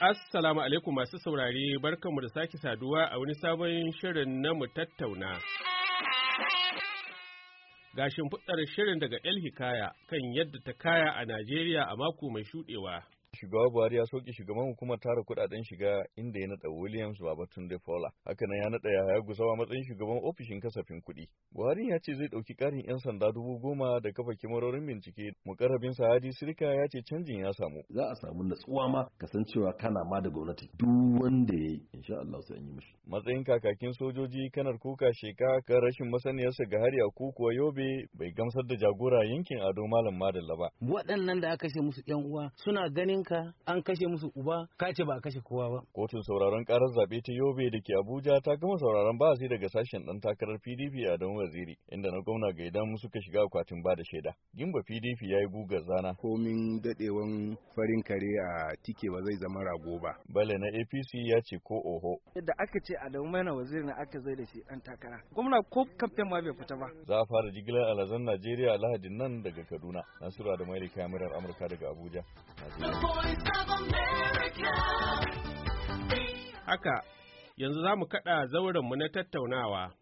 Assalamu alaikum masu saurare barkanmu da sake saduwa a wani sabon shirin na mu tattauna. Ga shimfiɗar shirin daga El Hikaya kan yadda ta kaya a Najeriya a mako mai shuɗewa. Shugaba Buhari ya soke shugaban hukumar tara kudaden shiga inda ya nada Williams da Fowler. Haka nan ya nada Yahaya Gusawa matsayin shugaban ofishin kasafin kuɗi. Buhari ya ce zai ɗauki karin 'yan sanda dubu goma da kafa kimarorin bincike. Mukarrabin hadi Sirka ya ce canjin ya samu. Za a samu natsuwa ma kasancewa kana ma da gwamnati duk wanda ya yi insha Allah sai an yi mishi. Matsayin kakakin sojoji kanar kuka sheka kan rashin masaniyarsa ga hari a kuwa yobe bai gamsar da jagora yankin Ado Malam Madalla ba. Waɗannan da aka ce musu 'yan uwa suna ganin ɗanka an kashe musu uba ka ce ba a kashe kowa ba. Kotun sauraron karar zaɓe ta Yobe da ke Abuja ta gama sauraron bahasi daga sashen ɗan takarar PDP a don waziri inda na gwamna musu suka shiga akwatin ba da shaida. Gimba PDP ya yi bugar zana. Komin daɗewan farin kare a tike ba zai zama rago ba. Bale na APC ya ce ko oho. Yadda aka ce a damu mana waziri na aka zai da shi ɗan takara. Gwamna ko kamfen ma bai fita ba. Za a fara jigilar alazan Najeriya Lahadin nan daga Kaduna. Nasiru da Maili Kamilar Amurka daga Abuja. Haka, yanzu za mu kaɗa zaurenmu na tattaunawa.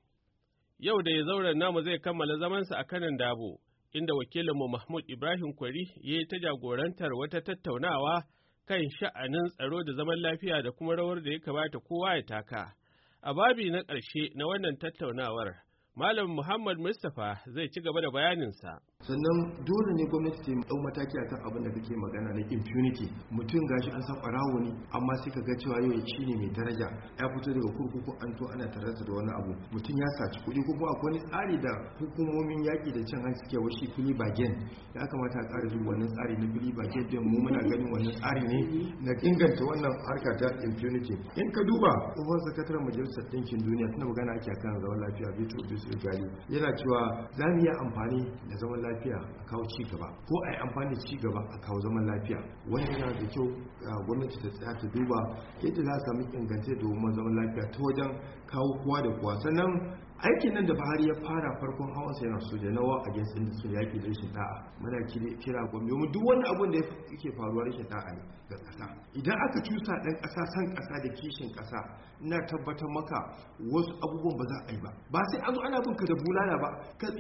Yau da ya zauren namu zai kammala zamansa a kanan dabo, inda wakilinmu Mahmud Ibrahim Kwari ya yi ta jagorantar wata tattaunawa kan sha'anin tsaro da zaman lafiya da kuma rawar da ya kamata kowa ya taka. A babi na ƙarshe na wannan tattaunawar, Malam Muhammad Mustapha zai ci gaba da bayaninsa. sannan dole ne gwamnati ta yi mataki kan abin da kake magana na impunity mutum gashi an san barawo ne amma sai ka ga cewa yau shi ne mai daraja ya fito daga kurkuku an to ana tarasa da wani abu mutum ya saci kuɗi ko kuma akwai wani tsari da hukumomin yaƙi da cin hanci ke washi fili bagen ya kamata a ƙara zuwa wannan tsari na fili bagen don mu muna ganin wannan tsari ne na inganta wannan harka ta impunity in ka duba tsohon sakataren majalisar ɗinkin duniya tana magana ake kan zaman lafiya bitrus bisu gali yana cewa za mu yi amfani da zaman lafiya lafiya a kawo ci ko a yi amfani ci gaba a kawo zaman lafiya wanda yana da kyau gwamnati ta tsaya ta duba yadda za a samu ingance domin zaman lafiya ta wajen kawo kowa da kowa sannan aikin nan da bahari ya fara farkon hawan sai na soja na wa against din su yaki da rashin ta'a mana kira gombe mu duk wani abun da yake faruwa rashin ta'a ne ga kasa idan aka cusa dan kasa san kasa da kishin kasa ina tabbatar maka wasu abubuwan ba za a yi ba ba sai an zo ana bin ka da bulala ba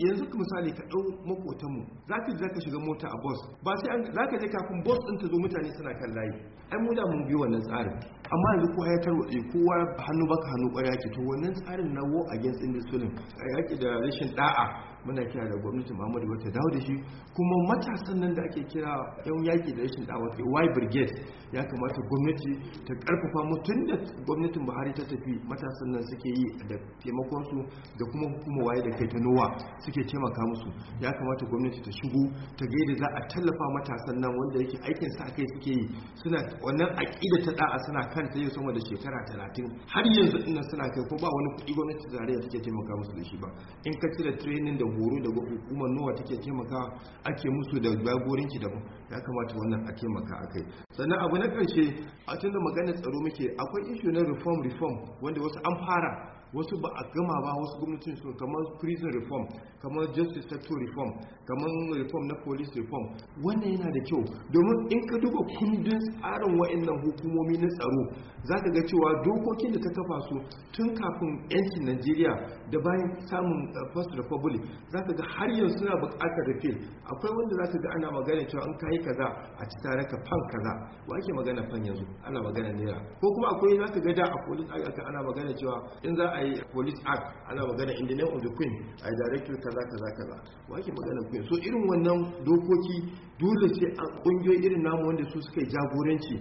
yanzu ka misali ka dau makotan mu zaka je ka shiga mota a bus ba sai an zaka je kafin bus din ta zo mutane suna kan layi ai mu da mun bi wannan tsarin amma yanzu ko hayatar tarwatse kowa hannu baka hannu kwarya ke to wannan tsarin na wo against filin yaƙi da rashin da'a muna kira da gwamnatin muhammadu wata dawo da shi kuma matasan nan da ake kira yan yaki da rashin dawa ke y brigade ya kamata gwamnati ta karfafa mutum da gwamnatin buhari ta tafi matasan nan suke yi da taimakonsu da kuma hukuma waye da kai ta nowa suke taimaka musu ya kamata gwamnati ta shigo ta gaida za a tallafa matasan nan wanda yake aikin sa kai suke yi suna wannan aƙida ta da'a suna kan ta yau sama da shekara talatin har yanzu ina suna kai ko ba wani kuɗi gwamnati Zariya take taimaka musu da shi ba in ka cire training da horo daga hukumar nowa take taimaka ake musu da jagoranci daban ya kamata wannan a taimaka a kai sannan abu na karshe a tunda magana tsaro muke akwai ishu na reform reform wanda wasu an fara wasu ba a gama ba wasu gwamnatin su kamar prison reform kamar justice sector reform kamar reform na police reform wannan yana da kyau domin in ka duba kundin tsarin wa'annan hukumomi na tsaro za ka ga cewa dokokin da ta kafa su tun kafin yancin najeriya da bayan samun uh, first republic za ka ga har yanzu suna bukatar repeal akwai wanda za ka ga ana magana cewa an kayi kaza a ci tare ka fan kaza wa ake magana fan yanzu ana magana naira ko kuma akwai za ka ga da a police act ana magana cewa in za a yi police act ana magana in the name of the queen a director kaza kaza kaza wa ake magana tafiya so irin wannan dokoki dole sai an kungiyoyi irin namu wanda su suka yi jagoranci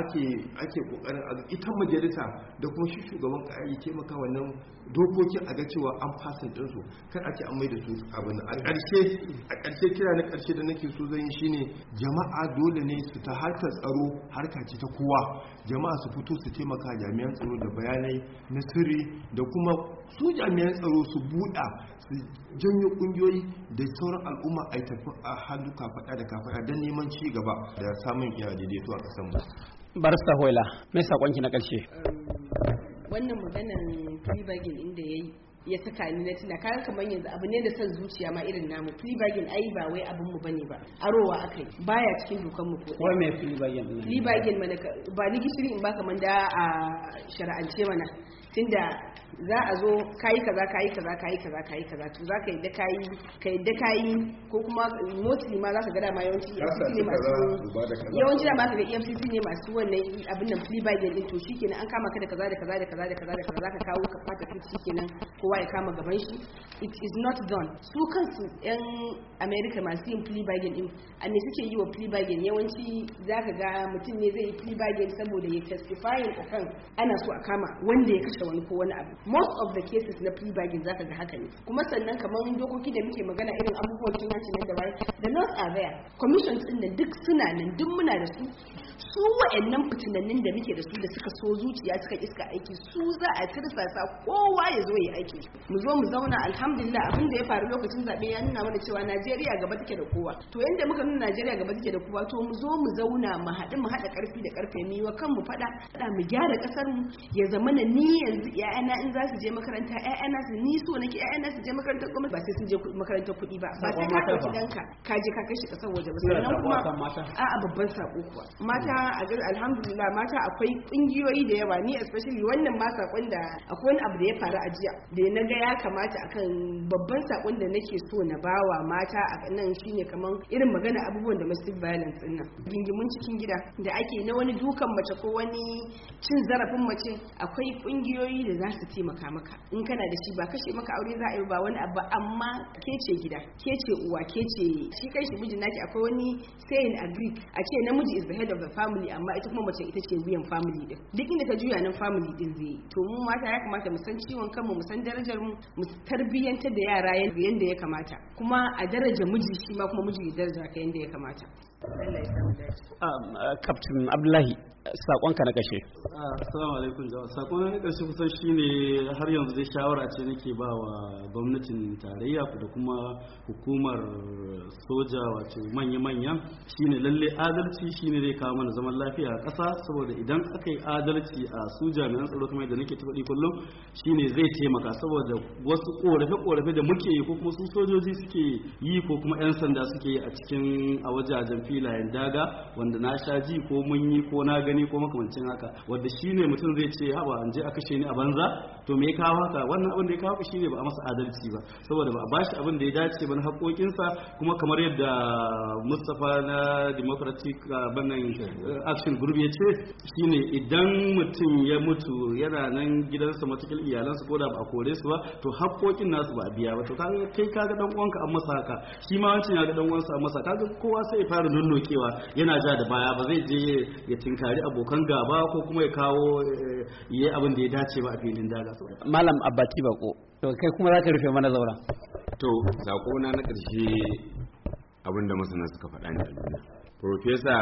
ake kokarin ita majalisa da kuma shi shugaban ƙari taimaka wannan dokokin a ga cewa an fasin ɗinsu kan ake an mai da su abin a ƙarshe a ƙarshe kira na ƙarshe da nake so zan yi shine jama'a dole ne su ta harkar tsaro harka ce ta kowa jama'a su fito su taimaka jami'an tsaro da bayanai na sirri da kuma su jami'an tsaro su buɗa su janyo ƙungiyoyi da sauran al'umma a tafi a hannu kafaɗa da kafaɗa don neman ci gaba da samun iya daidaito a ƙasar mu barista hoila mai sakonki na karshe wannan maganan free inda inda yi ya saka ni na tuna kayan kamar yanzu abu ne da son zuciya ma irin namu free ayi ai ba wai abin mu bane ba arowa akai baya cikin dokan mu ko wai mai free bargain mana ba ni gishiri in baka manda a shara'ance mana tunda za a zo kayi kaza kayi kaza kayi kaza kayi kaza to za ka yadda kayi ka yadda kayi ko kuma motsi ma za ka gada ma yawanci EFCC ne masu yawanci dama ka ga EFCC ne masu wannan e, abin nan free by din to shikenan an kama ka da kaza da kaza da kaza da kaza da kaza za ka kawo ka fata fit shikenan kowa ya kama gaban shi it is not done su kansu yan America masu yin free by din a ne suke yi wa free by yawanci za ka ga mutum ne zai yi free by saboda ya testifying akan ana so a kama wanda ya kashe wani ko wani abu most of the cases na plea bargain zaka ga haka ne kuma sannan kamar dokoki da muke magana irin abubuwan cin hanci nan da bai the laws are there commissions din nan duk suna nan duk muna da su su wa'annan fitinannin da muke da su da suka so zuciya suka iska aiki su za a tirsasa kowa ya zo ya aiki mu zo mu zauna alhamdulillah abin da ya faru lokacin zabe ya nuna mana cewa Najeriya gaba take da kowa to yanda muka nuna Najeriya gaba take da kowa to mu zo mu zauna mu haɗu mu haɗa ƙarfi da ƙarfe mu yi wa kanmu faɗa mu gyara ƙasar mu ya zamana ni yanzu 'ya'yana in za su je makaranta ƴaƴa nasu ni so nake ƴaƴa nasu je makarantar gwamnati ba sai sun je makarantar kuɗi ba ba sai ka ɗauki ɗanka ka je ka kai shi ƙasar waje ba sannan kuma a'a babban sako kuwa mata a gari alhamdulillah mata akwai ƙungiyoyi da yawa ni especially wannan ma sakon da akwai wani abu da ya faru a jiya da na ga ya kamata akan babban sakon da nake so na bawa mata a nan shine kaman irin magana abubuwan domestic violence din nan gingimin cikin gida da ake na wani dukan mace ko wani cin zarafin mace akwai ƙungiyoyi da za su taimaka maka in kana da shi ba kashe maka aure za a yi ba wani abu amma ke ce gida ke ce uwa ke ce shi kai shi mijin naki akwai wani sayin a Greek a ce namiji is the head of the family amma ita kuma mace ita ce wuyan family din duk inda ta juya nan family din zai yi to mu mata ya kamata mu san ciwon kanmu mu san darajar mu mu tarbiyyantar da yara yadda ya kamata kuma a daraja miji shi ma kuma miji ya daraja ka yadda ya kamata um, uh, Captain Abdullahi sakonka na kashe. Ah, assalamu alaikum jawa. Sakon na kashe kusan ne har yanzu dai shawara ce nake ba wa gwamnatin tarayya da kuma hukumar soja wato manya-manyan shine lalle adalci shine zai kawo mana zaman lafiya a ƙasa saboda idan aka yi adalci a soja jami'an tsaro kuma da nake ta faɗi kullum shine zai taimaka saboda wasu korafe-korafe da muke yi ko kuma su sojoji suke yi ko kuma 'yan sanda suke yi a cikin a wajajen filayen daga wanda na sha ji ko mun yi ko na gani ko makamancin haka wanda ne mutum zai ce haba an je a kashe ni a banza to me ya kawo haka wannan abin da ya kawo shi ne ba a masa adalci ba saboda ba a bashi abin da ya dace ba na haƙoƙinsa kuma kamar yadda Mustapha na Democratic ah, bannan eh, Action Group ya ce shine idan mutum ya mutu yana nan gidansa matakil iyalansa ko da ba a kore su ba to haƙoƙin nasu ba a biya ba to kai ga dan uwanka an masa haka shi ma wancan ya ga dan uwansa an masa kaga kowa sai ya fara nunnokewa yana ja da baya ba zai je ya tinkari abokan gaba ko kuma ya kawo eh, yayi abin da ya dace ba a filin daga malam abbati bako to kai kuma za ka rufe mana zaura to zako na na ƙarshe abinda masana suka faɗa ne aljanna Profesa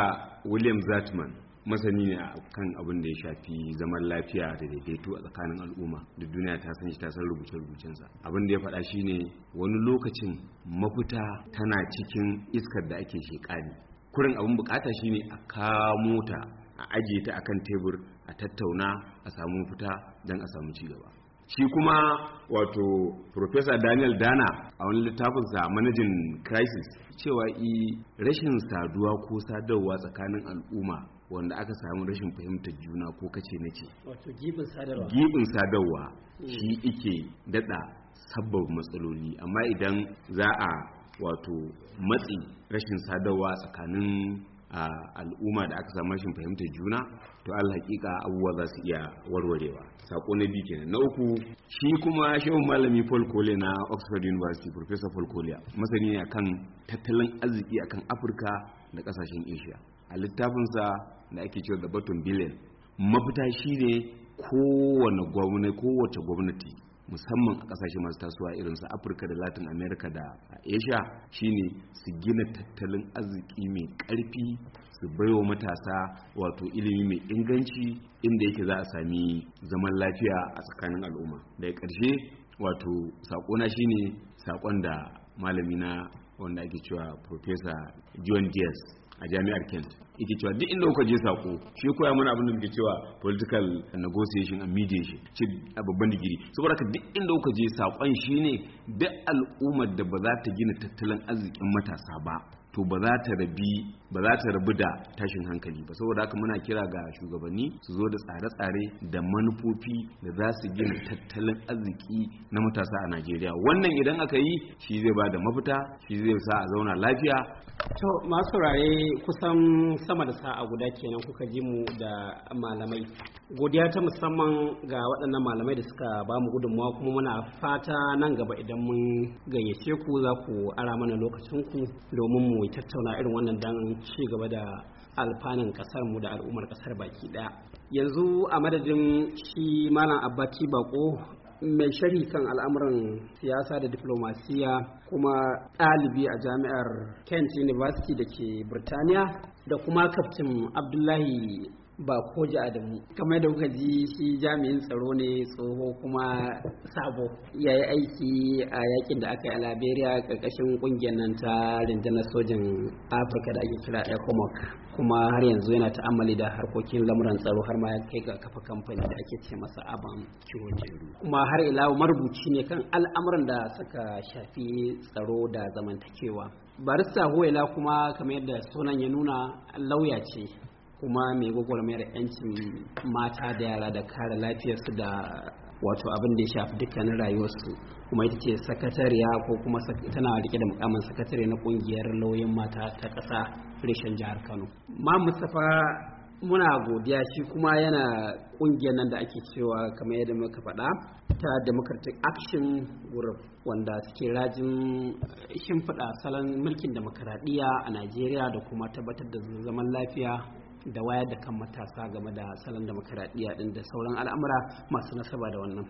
William Zatman masani ne a kan abin da ya shafi zaman lafiya da daidaito a tsakanin al'umma da duniya ta san shi ta san rubuce-rubucensa abin da ya faɗa shine wani lokacin mafita tana cikin iskar da ake shekani kurin abin bukata shine a kamo a ajiye ta akan tebur a tattauna a samu fita don a samu cigaba shi kuma wato professor daniel dana a wani littafinsa managing crisis cewa i rashin saduwa ko sadarwa tsakanin al'umma wanda aka samu rashin fahimtar juna ko kace na ce wato gibin sadarwa gibin sadarwa hmm. shi ike dada sabbin matsaloli amma idan za a wato matsi rashin sadarwa tsakanin a al'umma da aka samu rashin fahimtar juna to alhaƙiƙa abubuwa za su iya warwarewa Saƙo na biyu kenan na uku shi kuma shehun malami Paul Cole na Oxford University Professor Paul Cole masani ne akan tattalin arziki akan Afirka da ƙasashen Asia a littafinsa da ake cewa da batun billion mafita shine kowane gwamnati kowace gwamnati musamman a kasashe masu tasowa irin su afirka da latin america da asia shine su gina tattalin arziki mai karfi su baiwa matasa wato ilimi mai inganci inda yake za a sami zaman lafiya a tsakanin al'umma daga ƙarshe wato saƙona shine saƙon da malami na wanda ake cewa professor john diaz a jami'ar kent ita cewa duk inda kuka je sako shi koya mana abin da muke cewa political negotiation and mediation ce a babban digiri saboda ka duk inda kuka je sakon shine duk al'ummar da ba za ta gina tattalin arzikin matasa ba to ba za ta rabi ba za ta rabu da tashin hankali ba saboda haka muna kira ga shugabanni su zo da tsare-tsare da manufofi da za su gina tattalin arziki na matasa a Najeriya wannan idan aka yi shi zai ba da mafita shi zai sa a zauna lafiya to masu raye kusan sama da sa'a guda kenan kuka ji mu da malamai godiya ta musamman ga waɗannan malamai da suka ba mu gudunmawa kuma muna fata nan gaba idan mun gayyace ku za ku ara mana lokacinku domin mu tattauna irin wannan dan ci gaba da alfanin kasar mu da al'ummar ƙasar baki ɗaya yanzu a madadin shi malam abbaki bako mai sharhi kan al'amuran siyasa da diplomasiya kuma ɗalibi a jami'ar kent university da ke birtaniya da kuma kaftin abdullahi ba koji adamu kamar da kuka ji shi jami'in tsaro ne tsoho kuma sabo ya yi aiki a yakin da aka yi a liberia karkashin kungiyar nan ta rundunar sojin afirka da ake kira ecomoc kuma har yanzu yana ta'ammali da harkokin lamuran tsaro har ma ya kai ga kafa kamfani da ake ce masa aban kiwojeru kuma har ila marubuci ne kan al'amuran da suka shafi tsaro da zamantakewa barista huwaila kuma kamar yadda sunan ya nuna lauya ce kuma mai gwagwarmayar 'yancin mata da yara da kare lafiyarsu da wato abin da ya shafi dukkanin rayuwarsu kuma ita ce sakatariya ko kuma tana rike da mukamin sakatare na kungiyar lauyin mata ta kasa reshen jihar kano ma mustapha muna godiya shi kuma yana kungiyar nan da ake cewa kamar yadda muka faɗa ta democratic action group wanda suke rajin shimfiɗa salon mulkin demokaradiyya a najeriya da kuma tabbatar da zaman lafiya da wayar da kan matasa game da salon demokaradiyya din da sauran al'amura masu nasaba da wannan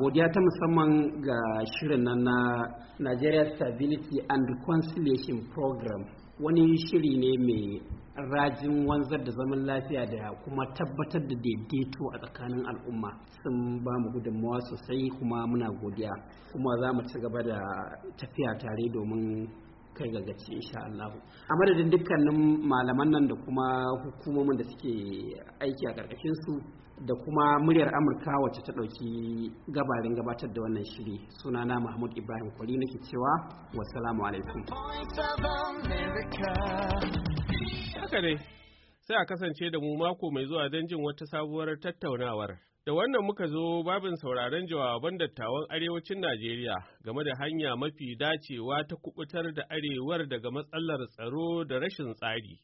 godiya ta musamman ga shirin nan na Nigeria Stability and Reconciliation Program wani shiri ne mai rajin wanzar da zaman lafiya da kuma tabbatar da daidaito a tsakanin al'umma sun ba mu gudunmawa sosai kuma muna godiya kuma za mu ci gaba da tafiya tare domin kai ga gaci insha Allah a madadin dukkanin malaman nan da kuma hukumomin da suke aiki a karkashin su da kuma muryar Amurka wacce ta ɗauki gabarin gabatar da wannan shiri Suna na Mahmud Ibrahim Kwari nake cewa wassalamu alaikum haka dai sai a kasance da mu mako mai zuwa don jin wata sabuwar tattaunawar Da wannan muka zo babin sauraron jawaban dattawan arewacin Najeriya game da hanya mafi dacewa ta kubutar da arewar daga matsalar tsaro da rashin tsari.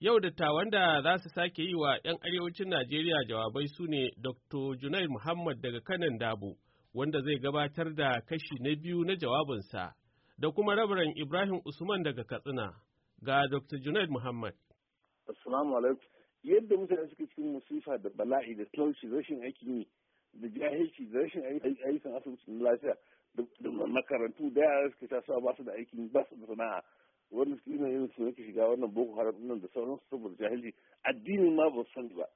Yau dattawan da za su sake yi wa 'yan arewacin Najeriya jawabai su ne Dr. Junaid Muhammad daga kanan Dabo, wanda zai gabatar da kashi na biyu na jawabinsa, da kuma rabaran Ibrahim Usman daga Katsina, ga Dr. Junaid Muhammad. Assalamu alaikum yadda mutane suke cikin musifa da bala'i da talauci rashin aikin yi da jahilci da rashin ayyukan asibiti na lafiya da makarantu da yara suke sa ba su da aikin ba su da sana'a wannan suke yin yin su shiga wannan boko haram nan da sauran su saboda jahilci addini ma ba san ba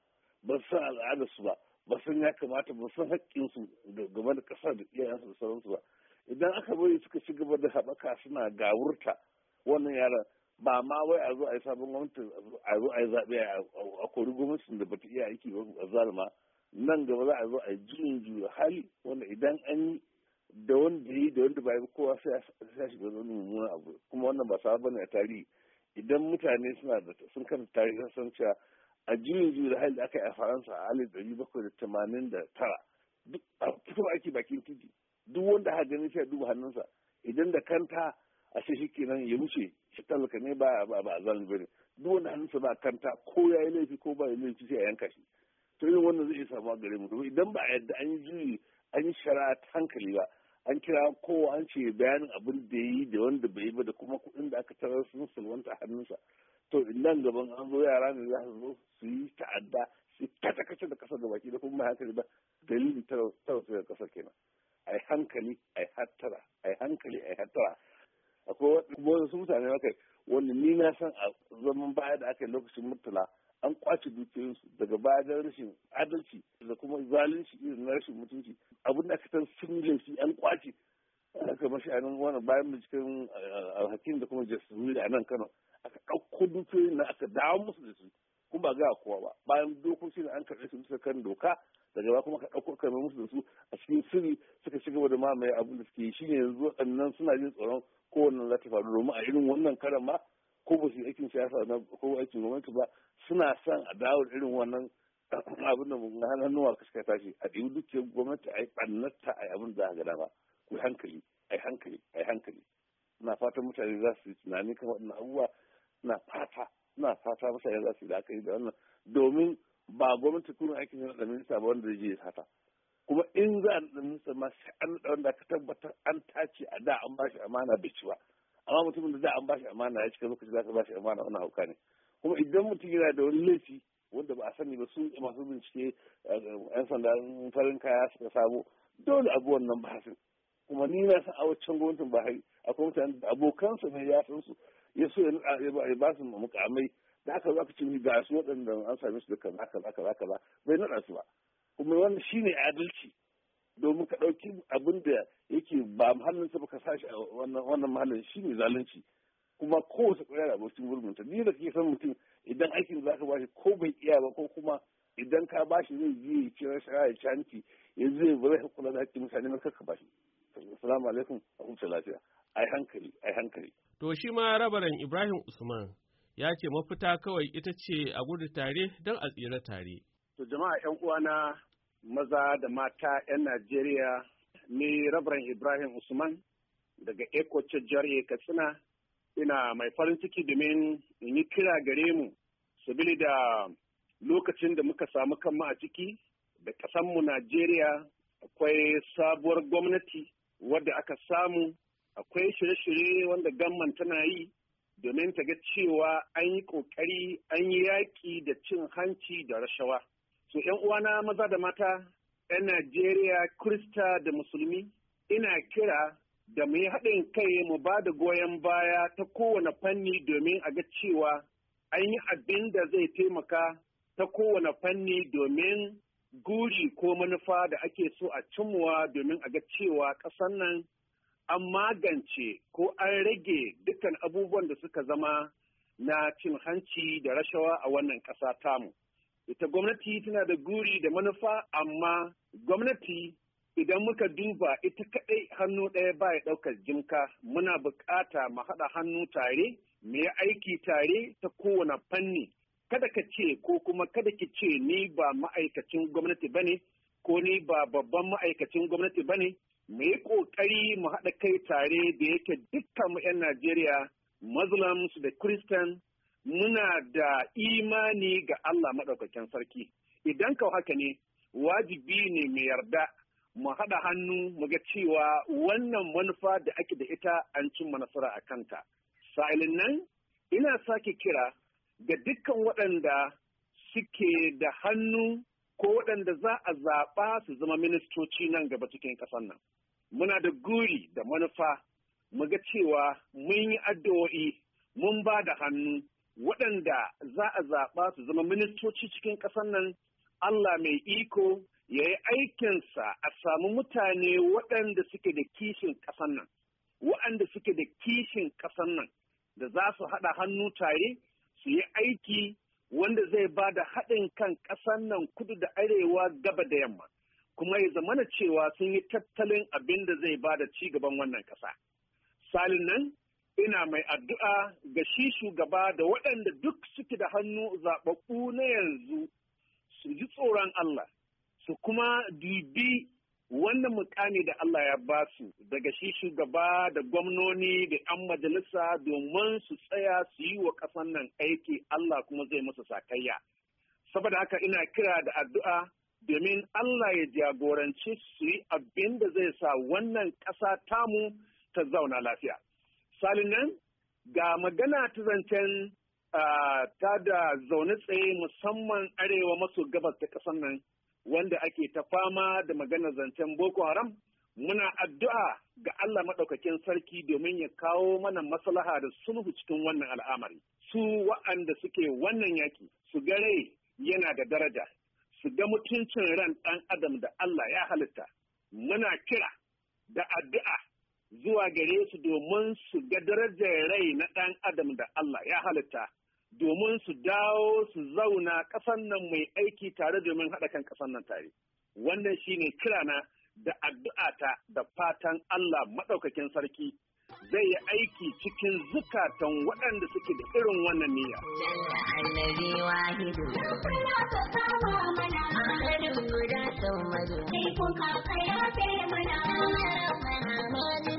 ba san al'adar su ba ba san ya kamata ba san haƙƙin su game da ƙasa da iyayensu da sauran su ba idan aka bari suka ci gaba da haɓaka suna gawurta wannan yara ba ma wai a zo a yi sabon gwamnati a zo a yi zaɓe a kori gwamnati da bata iya aiki ba a zalima nan gaba za a zo a yi juyin juya hali wanda idan an yi da wanda yi da wanda ba yi kowa sai ya shiga wani mummunan abu kuma wannan ba sabon ne a tarihi idan mutane suna da sun kanta tarihi sun cewa a juyin juya da hali da aka yi a faransa a alif ɗari bakwai da tamanin da tara duk a fito ake bakin titi duk wanda hajjani sai duba hannunsa idan da kanta a ce shi kenan ya wuce shi talaka ne ba ba ba zalunci bane duk wanda hannunsa ba kanta ko ya yi laifi ko ba ya laifi sai a yanka shi to yin wannan zai samu a gare mu idan ba a yadda an yi juyi an yi shara ta hankali ba an kira kowa an ce bayanin abin da ya yi da wanda bai yi ba da kuma kuɗin da aka tarar sun sulwanta a hannunsa to nan gaban an zo yara ne za su zo su yi ta'adda su kata kace da kasar gabaki da kuma hankali ba dalilin tarwatsa da kasar kenan ai hankali ai hattara ai hankali ai hattara akwai wasu mutane haka wanda ni na san a zaman baya da aka yi lokacin murtala an kwace dukiyarsu daga baya don rashin adalci da kuma zalunci irin na rashin mutunci abin da aka san sun laifi an kwace aka mashi a nan wani bayan binciken eh, alhakin da kuma jasumi a nan kano aka ɗauko dukiyoyin na aka dawo musu da su kuma ba ga kowa ba bayan dokoki da an karɓi su bisa kan doka daga ba kuma ka ɗauko karɓe musu da su a cikin sirri suka ci gaba da mamaye abin da suke yi shine yanzu waɗannan suna jin tsoron kowanne za ta faru domin a irin wannan karan ma ko ba su yi aikin siyasa na ko aikin gwamnati ba suna son a dawo irin wannan abin da mun hannuwa suka tashi a ɗibi dukiyar gwamnati a yi ɓannarta a yi abin da aka dama ku hankali a hankali a hankali na fatan mutane za su yi tunani kan waɗannan abubuwa na fata na fata mutane za su yi da aka yi da wannan domin ba gwamnati kuma aikin yana da minista ba wanda zai je ya sata kuma in za a nemi ma sai an da wanda ka tabbatar an tace a da an bashi amana bai ci ba amma mutumin da da an bashi amana ya cika lokaci za ka bashi amana wani hauka ne kuma idan mutum yana da wani laifi wanda ba a sani ba su masu bincike eh, yan sanda farin kaya suka samu dole abu wannan ba kuma ni na san a waccan gwamnatin ba akwai mutane da abokansa ne ya san su ya so ya ba su mukamai da aka zaka aka ni ga su waɗanda an same su da kaza kaza kaza kaza bai naɗa su ba kuma wannan shine adalci domin ka ɗauki abin da yake ba mahallinsa ba ka sashi a wannan muhallin shine zalunci kuma ko kowace ƙwayar abokin ta, ni da kake san mutum idan aikin za ka bashi ko bai iya ba ko kuma idan ka bashi zai je ya ci rashawa ya ci hanci yanzu zai ba zai kula da hakkin mutane ba ka assalamu alaikum a huta lafiya ai hankali ai hankali to shi ma rabaran ibrahim usman ya ce mafita kawai ita ce a gudu tare don a tsira tare to jama'a yan uwa na. maza da mata 'yan Najeriya ni Rabran Ibrahim Usman daga Eko Jariye Katsina ina mai farin ciki domin in yi kira gare mu sabili da lokacin da muka samu kanmu a ciki da ƙasanmu Najeriya akwai sabuwar gwamnati wadda aka samu akwai shirye-shirye wanda gamman tana yi domin ta ga cewa an yi ƙoƙari an yi yaƙi da cin hanci da rashawa. To ‘yan uwana maza da mata, ‘yan Najeriya, Krista da Musulmi, ina kira da mu yi haɗin kai mu ba da goyon baya ta kowane fanni domin a ga cewa an yi abin da zai taimaka ta kowane fanni domin guri ko manufa da ake so a cimuwa domin a ga cewa ƙasar nan an magance ko an rage dukkan abubuwan da suka zama na cin hanci da rashawa a wannan ƙasa tamu. ita gwamnati tana da guri da manufa amma gwamnati idan muka duba ita kaɗai hannu ɗaya ba ya ɗaukar jimka muna buƙata mu haɗa hannu tare mu yi aiki tare ta kowane fanni kada ka ce ko kuma kada ki ce ni ba ma'aikacin gwamnati bane ko ni ba babban ma'aikacin gwamnati bane mu yi ƙoƙari mu haɗa kai tare da yake dukkan mu 'yan Najeriya Muslims da Christian muna da imani ga Allah maɗaukakin sarki idan kau haka ne wajibi ne mai yarda mu haɗa hannu mu ga cewa wannan manufa da ake da ita an cin nasara a kanta sa'ilin nan ina sake kira ga dukkan waɗanda suke da hannu ko waɗanda za a zaɓa su zama ministoci nan gaba cikin ƙasar nan muna da guri da manufa mu ga cewa mun yi addu'o'i mun ba da hannu waɗanda za a zaɓa su zama ministoci cikin ƙasar nan Allah mai iko ya yi aikinsa a samu mutane waɗanda suke da kishin ƙasar nan, waɗanda suke da kishin ƙasar nan da za su haɗa hannu tare su yi aiki wanda zai ba da haɗin kan ƙasar nan kudu da arewa gaba da yamma, kuma ya zamana cewa sun yi tattalin abin da zai ba da ci gaban wannan ƙasa. Salin nan, ina mai addu'a ga shi shugaba da waɗanda duk suke da hannu zaɓaɓɓu na yanzu su ji tsoron Allah su kuma dubi wannan mukami da Allah ya ba su daga shi shugaba da gwamnoni da 'yan majalisa domin su tsaya su yi wa ƙasan nan aiki Allah kuma zai musu sakayya. Saboda haka ina kira da addu'a domin Allah ya jagoranci su yi abin da zai sa wannan ƙasa tamu ta zauna lafiya. Salinan ga magana ta zancen ta da zaune tsaye musamman arewa maso gabas ta ƙasar nan wanda ake ta fama da maganar zancen Boko Haram muna addu'a ga Allah maɗaukakin sarki domin ya kawo mana maslaha da sulhu cikin wannan al'amari. Su wa'anda suke wannan yaki su gare yana da daraja, su ga mutuncin ran ɗan adam da Allah ya halitta. Muna kira da addu'a zuwa gare su domin su ga darajar rai na ɗan adam da Allah ya halitta domin su dawo su zauna ƙasan nan mai aiki tare domin haɗa kan ƙasan nan tare. Wannan shi ne kirana da addu'ata da fatan Allah maɗaukakin sarki zai yi aiki cikin zukatan waɗanda suke da irin wannan niyya. mana,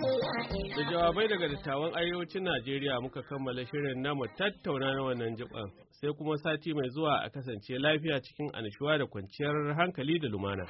Da jawabai daga dattawan arewacin Najeriya muka kammala shirin namu tattauna na wannan jiban sai kuma sati mai zuwa a kasance lafiya cikin anishuwa da kwanciyar hankali da lumana.